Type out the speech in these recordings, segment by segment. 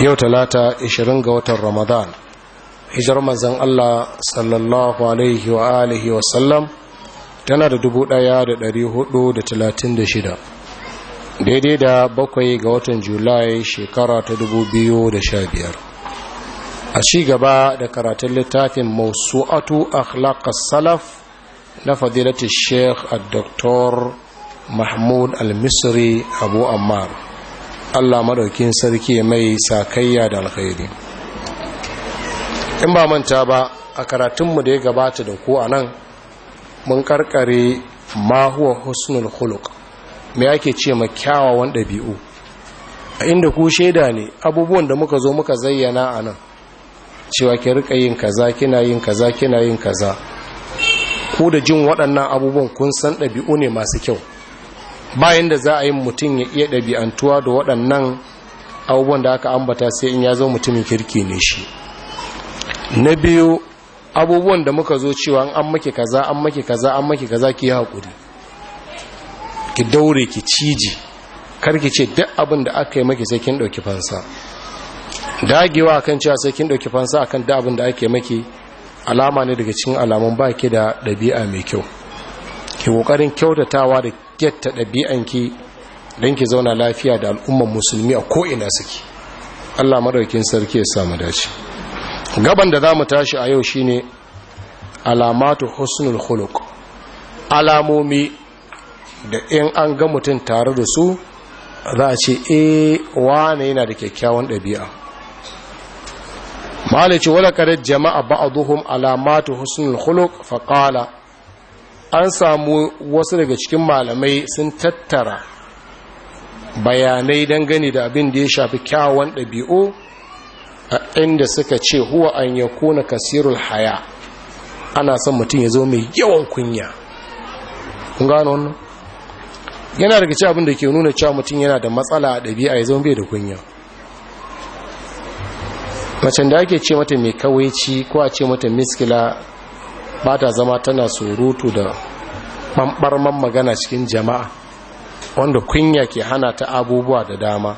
yau talata 20 ga watan ramadan hijar manzan Allah sallallahu alaihi wa alihi wa sallam tana da 1436 daidai da bakwai ga watan julai shekara ta 2015 a ci gaba da karatun littafin mausu'atu akhlaqas salaf na fadilatul sheikh a doktor mahmud al-misri abu ammar Allah madaukin sarki mai sakayya da alkhairi in ba manta ba a karatunmu da ya gabata da ku anan mun karkare ma huwa husnul khuluq me yake ce ma kyawawan ɗabi'u a inda ku shaida ne abubuwan da muka zo muka zayyana anan, cewa ki rika yin kaza kina yin kaza kina yin kaza ku da jin waɗannan abubuwan kun san ɗabi'u ne masu kyau bayan da za a yi mutum ya iya ɗabi'antuwa da waɗannan abubuwan da aka ambata sai in ya zo mutumin kirki ne shi na biyu abubuwan da muka zo cewa an maki kaza an maki kaza an maki kaza ki haƙuri ki daure ki ciji karki ce duk abin da aka yi maki sai kin ɗauki fansa dagewa kan cewa sai kin ɗauki fansa akan duk abin da ake maki alama ne daga cikin alamun baki da ɗabi'a mai kyau ki kokarin kyautatawa da kyatta ɗabi'anki don ki zauna lafiya da al'ummar musulmi a ko'ina suke allah maɗaukin sarki ya samu dace gaban da za mu tashi a yau shine alamatu husnul huluk alamomi da in an ga mutum tare da su za a ce e wane yana da kyakkyawan ɗabi'a malici wadda kare jama'a duhun alamatu husnul huluk faƙala an samu wasu daga cikin malamai sun tattara bayanai dangane da abin da ya shafi kyawawan ɗabi'u a inda suka ce huwa an ya kona kasirul haya ana son mutum ya zo mai yawan kunya kun gano wannan yana daga ci abin da ke nuna cewa mutum yana da matsala a ɗabi'a ya zo bai da kunya macen da ake ce mata mai ci ko a ce mata miskila ba ta zama tana surutu da ɓanɓarman magana cikin jama'a wanda kunya ke hana ta abubuwa da dama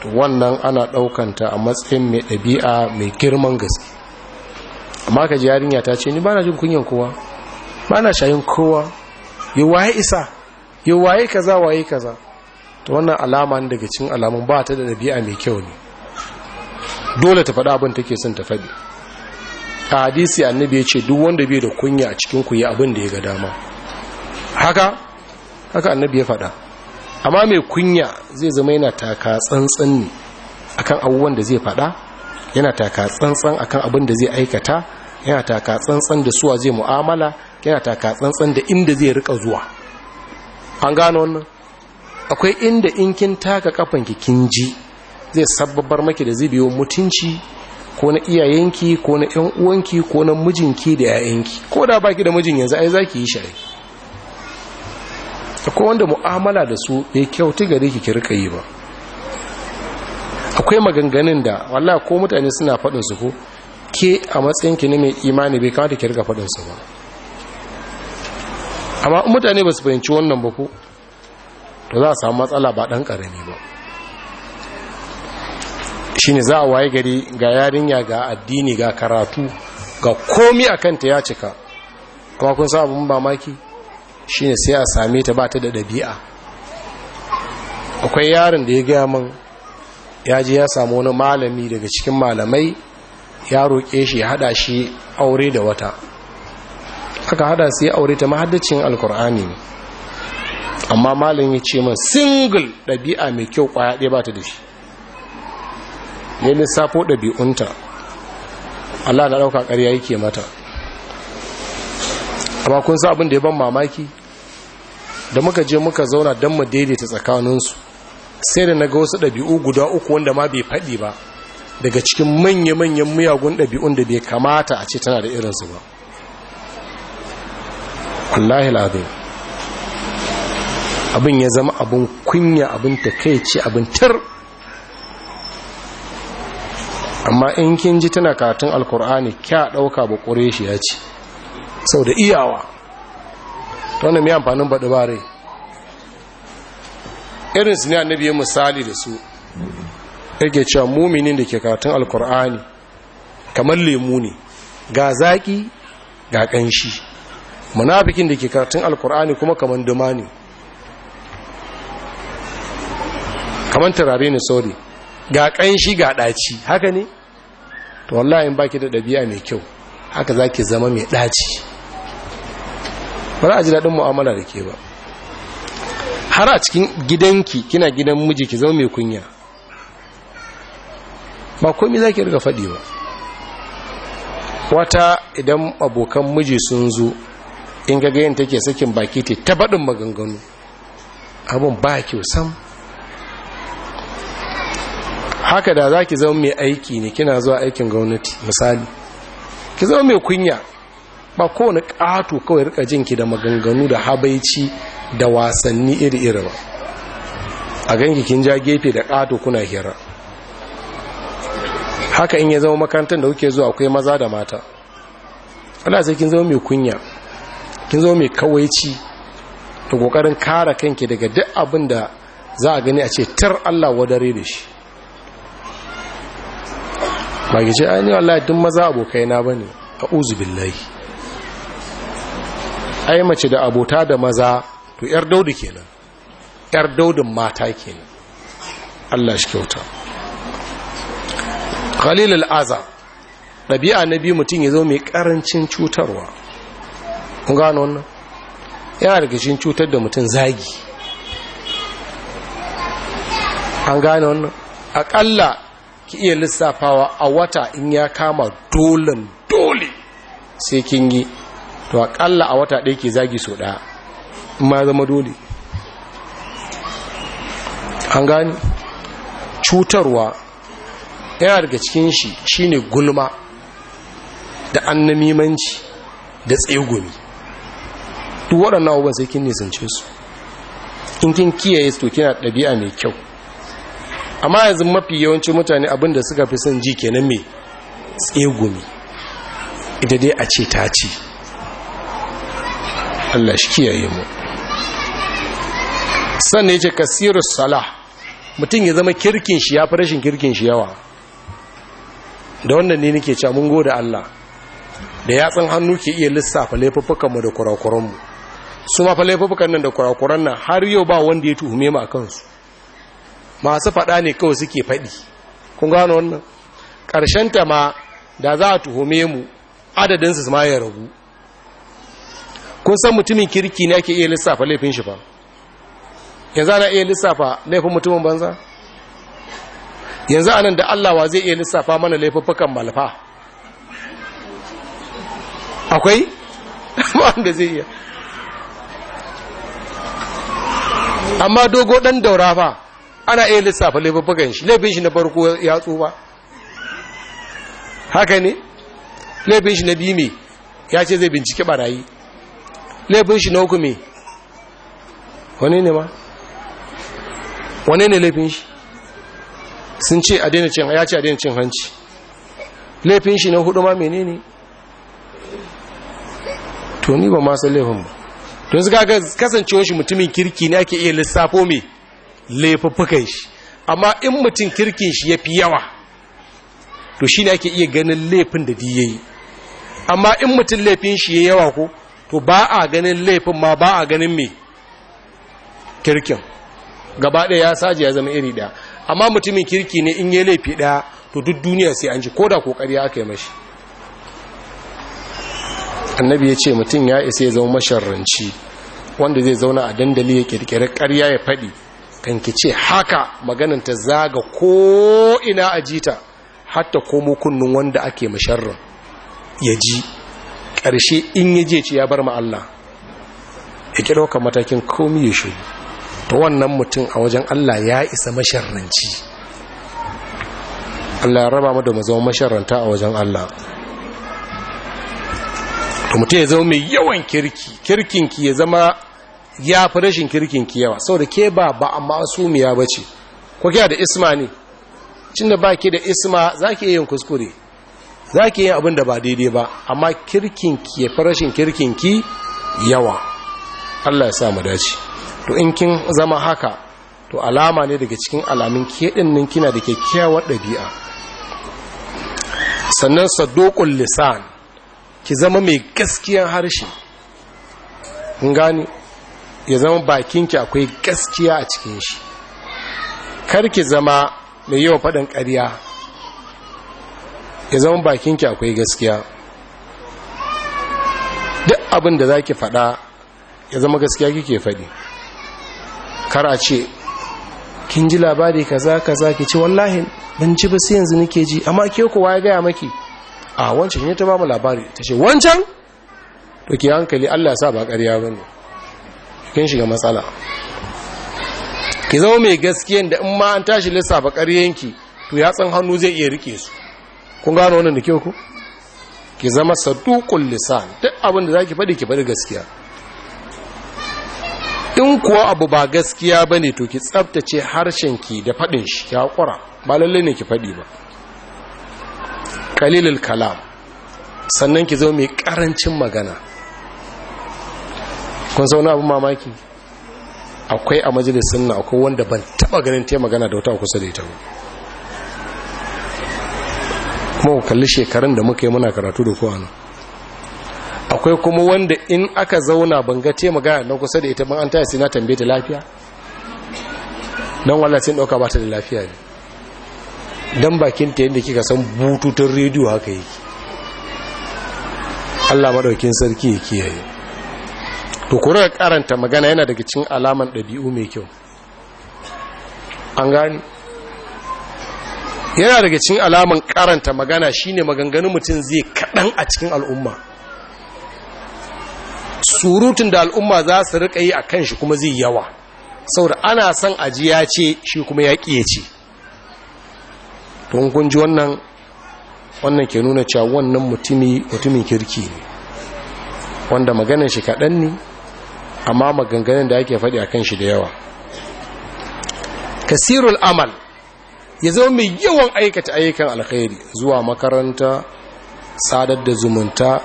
to wannan ana ɗaukanta a matsayin mai ɗabi'a mai girman gaske amma ka ji yarinya ta ce ni ba na jin kunyan kowa ba na shayin kowa yi waye isa yi waye kaza waye kaza to wannan alama daga cikin alamun ba ta da ɗabi'a mai kyau ne dole ta faɗa abin take son ta faɗi a hadisi annabi ya ce duk wanda bai da kunya a cikin ku abin da ya ga dama haka haka annabi ya faɗa amma mai kunya zai zama yana taka tsantsan ne akan abubuwan da zai faɗa yana taka tsantsan akan abin da zai aikata yana taka tsantsan da suwa zai mu'amala yana taka tsantsan da inda zai rika zuwa an gano wannan akwai inda in kin taka kafan ki kin ji zai sabbabar maki da zai biyo mutunci ko na iyayenki ko na ƴan uwanki ko na mijinki da yayanki ko da baki da mijin yanzu ai zaki yi shari akwai wanda mu'amala da su ya kyautu gare ki ki rika yi ba akwai maganganun da wallahi ko mutane suna faɗin su ko ke a matsayin ki ne mai imani bai kamata ki rika faɗin su ba amma mutane ba su fahimci wannan ba ko to za a samu matsala ba dan karami ba shine za a waye gari ga yarinya ga addini ga karatu ga komi a kanta ya cika kuma kun sa abin mamaki shine sai a same ta ba ta da ɗabi'a akwai yaron da ya gaya mun ya ji ya samu wani malami daga cikin malamai ya roƙe shi ya haɗa shi aure da wata aka haɗa su ya aure ta mahaddacin alkur'ani amma malam ya ce min single ɗabi'a mai kyau ƙwaya ɗaya ba ta da shi ya lissafo ɗabi'unta Allah na ɗauka ƙarya yake mata amma kun sa abin da ya ban mamaki da muka je muka zauna don mu daidaita tsakaninsu sai da na ga wasu ɗabi'u guda uku wanda ma bai faɗi ba daga cikin manya-manyan miyagun ɗabi'un da bai kamata a ce tana da irinsu ba wallahi lazim abin ya zama abin kunya abin takaici abin tar amma in kin ji tana katun alkur'ani kya ɗauka ba ƙure shi ya ce sau da iyawa ta wani mai amfanin baɗi ba rai su ne annabi nabi misali da su yake cewa muminin da ke katun alkur'ani kamar lemu ne ga zaƙi ga ƙanshi munafikin da ke katun alkur'ani kuma kamar duma ne kamar turare ne sauri ga ƙanshi ga ɗaci haka ne to wallahi in baki da dabi'a mai kyau haka zaki zama mai ɗaci ba za a ji daɗin mu'amala da ke ba har a cikin gidanki kina gidan miji ki zama mai kunya ba komai zaki rika riga faɗi ba wata idan abokan miji sun zo in gagayen take sakin baki te ta baɗin maganganu abin ba kyau sam haka da za ki zama mai aiki ne kina zuwa aikin gwamnati misali ki zama mai kunya ba kowane ƙato kawai rika jinki da maganganu da habaici da wasanni iri-iri ba a ganki kin ja gefe da ƙato kuna hira haka in ya zama makarantar da kuke zuwa akwai maza da mata ana sai kin zama mai kunya kin zama mai kawaici da ƙoƙarin kara kanki daga duk abin da za a gani a ce tar Allah wadare da shi ba ce ainihin wallahi duk maza abokai na ba ne a uzubillahi ai mace da abota da maza to yar daudu kenan yar daudun mata kenan Allah shi kyauta khalil al'aza ɗabi'a na biyu mutum ya zo mai ƙarancin cutarwa kun gano wannan yana da gashin cutar da mutum zagi an gane wannan aƙalla ki iya lissafawa a wata in ya kama dolin dole sai kin yi to akalla a wata ɗaya ke zagi so ɗaya ma zama dole an gani cutarwa yana daga cikin shi shine gulma da annamimanci da tsegumi duk waɗannan abubuwan sai kin nisance su in kin kiyaye su to kina ɗabi'a mai kyau amma yanzu mafi yawancin mutane abin da suka fi son ji kenan mai tsegumi ita dai a ce ta ce Allah shi kiyaye mu sannan yake kasirus salah mutum ya zama kirkin shi ya fi rashin kirkin shi yawa da wannan ne nake camun mun Allah da yatsan hannu ke iya lissafa laifuffukanmu da kurakuranmu su ma fa laifuffukan nan da kurakuran nan har yau ba wanda ya tuhume mu a kansu masu faɗa ne kawai suke faɗi kun gano wannan ƙarshenta ma da za a tuhume mu adadinsu ma ya ragu kun san mutumin kirki ne ake iya lissafa laifin shi ba yanzu ana iya lissafa laifin mutumin banza yanzu anan da allawa zai iya lissafa mana laifuffukan malfa akwai wanda zai iya amma dogo ɗan daura fa ana iya lissafa laifin shi laifin shi na farko ya tsufa haka ne laifin shi na biyu me ya ce zai bincike barayi laifin shi na uku me wane ne ma wane ne laifin shi sun ce a daina cin ya ce a daina cin hanci laifin shi na hudu ma ne to ni ba masu laifin ba don su kasancewa shi mutumin kirki ne ake iya lissafo me laifuffukan shi amma in mutum kirkin shi ya fi yawa to shi ne ake iya ganin laifin da diya yi amma in mutum laifin shi ya yawa ko to ba a ganin laifin ma ba a ganin mai kirkin gaba ɗaya ya saji ya zama iri ɗaya amma mutumin kirki ne in yi laifi ɗaya to duk duniya sai an ji ko da ƙoƙari aka yi mashi annabi ya ce mutum ya isa ya zama masharranci wanda zai zauna a dandali ya kirkiri karya ya faɗi kan ki ce haka maganan ta zaga ko ina ajita hatta komo kunnun wanda ake masharrin ya ji ƙarshe in ya je ci ya bar ma Allah ya ki ɗaukar matakin komi ya shiru ta wannan mutum a wajen Allah ya isa masharranci Allah ya raba mu da mu zama masharranta a wajen Allah to mutum ya zama mai yawan kirki kirkinki ya zama ya fi rashin kirkin ki yawa saboda ke ba ba amma masumiya ba ce ku da isma ne cin da ba da isma za ki yin kuskure za ki yin abin da ba daidai ba amma kirkin ki ya fi rashin kirkin ki yawa Allah ya sa mu dace to in kin zama haka to alama ne daga cikin alamin ke nan kina da kyakkyawar ɗabi'a sannan saduqul lisan ki zama mai gaskiyar harshe gani ya zama bakinki akwai gaskiya a cikin shi Kar ki zama mai yawa faɗin ƙarya ya zama bakinki akwai gaskiya duk abin da za ki faɗa ya zama gaskiya kike faɗi kar a ce kin ji labari kaza kaza ki ce wallahi ban ji ba sai yanzu nake ji amma ke kowa ya gaya maki a wancan ya ta ba mu labari ta ce wancan to ki hankali Allah ya sa ba ƙarya bane kin shiga matsala ki zama mai gaskiyan da in ma an tashi lissafa ƙaryenki to yatsan hannu zai iya rike su kun gano wannan da kyau ku ki zama saduqul lisan duk abin da zaki faɗi ki faɗi gaskiya in kuwa abu ba gaskiya bane to ki tsaftace harshenki da faɗin shi ya kura ba lalle ne ki faɗi ba qalilul kalam sannan ki zama mai ƙarancin magana kun sauna abin mamaki akwai a majalisun na akwai wanda ban taba ganin ta magana da wata kusa da ita ba kuma kalli shekarun da muka yi muna karatu da kowa akwai kuma wanda in aka zauna ban ga ta magana na kusa da ita ban an taya sai na tambaye ta lafiya don wallah sai dauka ba ta da lafiya ne dan bakin ta yadda kika san bututun rediyo haka yake Allah madaukin sarki ya kiyaye to kura karanta magana yana daga cin alaman ɗabi'u mai kyau an gani yana daga cin alaman karanta magana shine maganganun mutum zai kaɗan a cikin al'umma surutun da al'umma za su riƙa yi a kan shi kuma zai yawa saboda ana son ajiya ce shi kuma ya ƙiye ce don wannan wannan ke nuna cewa wannan mutumin kirki ne wanda maganin shi kaɗan ne amma maganganun da ake faɗi a kan shi da yawa kasirul amal ya zama mai yawan aikata ayyukan alkhairi zuwa makaranta sadar da zumunta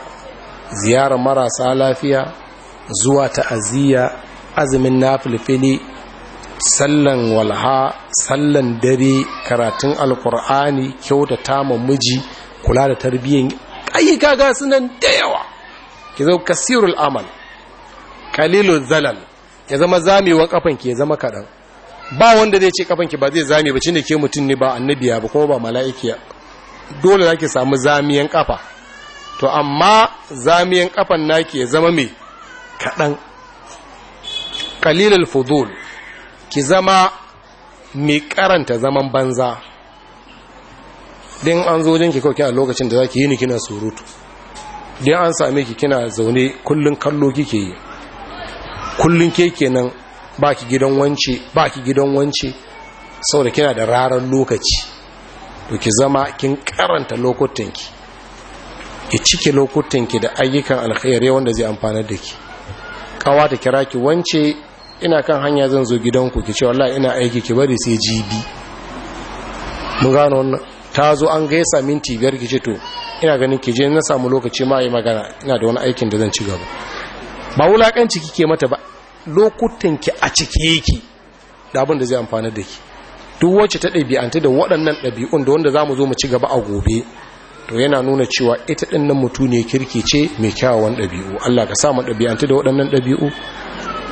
ziyarar marasa lafiya zuwa ta'aziyya azumin nafilfili sallan walha sallan dare karatun alkur'ani kyauta ma miji kula da tarbiyyar ayyuka ga sunan da yawa ki zo kasirul amal kalilun zalal ya zama zamewan kafanki ya zama kadan ba wanda zai ce kafanki ba zai zame ba cinda ke mutum ne ba annabiya ba kuma ba mala'ikiya dole zaki samu zamiyan kafa to amma zamiyan kafan naki ya zama mai kaɗan kalilul fudul ki zama mai karanta zaman banza din an zo ki kawai kina lokacin da zaki yi ni kina surutu din an same ki kina zaune kullun kallo kike yi kullun ke kenan ki gidan wance ba ki gidan wance saboda kina da rarar lokaci to ki zama kin karanta lokutanki ki cike lokutanki da ayyukan alkhairi wanda zai amfana da ki kawa ta kira ki wance ina kan hanya zan zo gidanku ki ce wallahi ina aiki ki bari sai jibi mun gano wannan ta zo an gaisa minti biyar ki ce to ina ganin ki je na samu lokaci ma yi magana ina da wani aikin da zan ci gaba ba wulakanci kike mata ba lokutan ki a cike yake da abin da zai amfana da ki duk wacce ta ɗabi'anta da waɗannan ɗabi'un da wanda za mu zo mu ci gaba a gobe to yana nuna cewa ita ɗin nan mutu ne kirki ce mai kyawawan ɗabi'u Allah ka samu ɗabi'anta da waɗannan ɗabi'u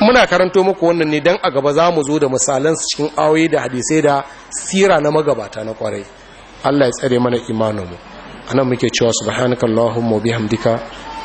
muna karanto muku wannan ne don a gaba za mu zo da misalan su cikin awoyi da hadisai da sira na magabata na kwarai Allah ya tsare mana imaninmu anan muke cewa subhanakallahumma bihamdika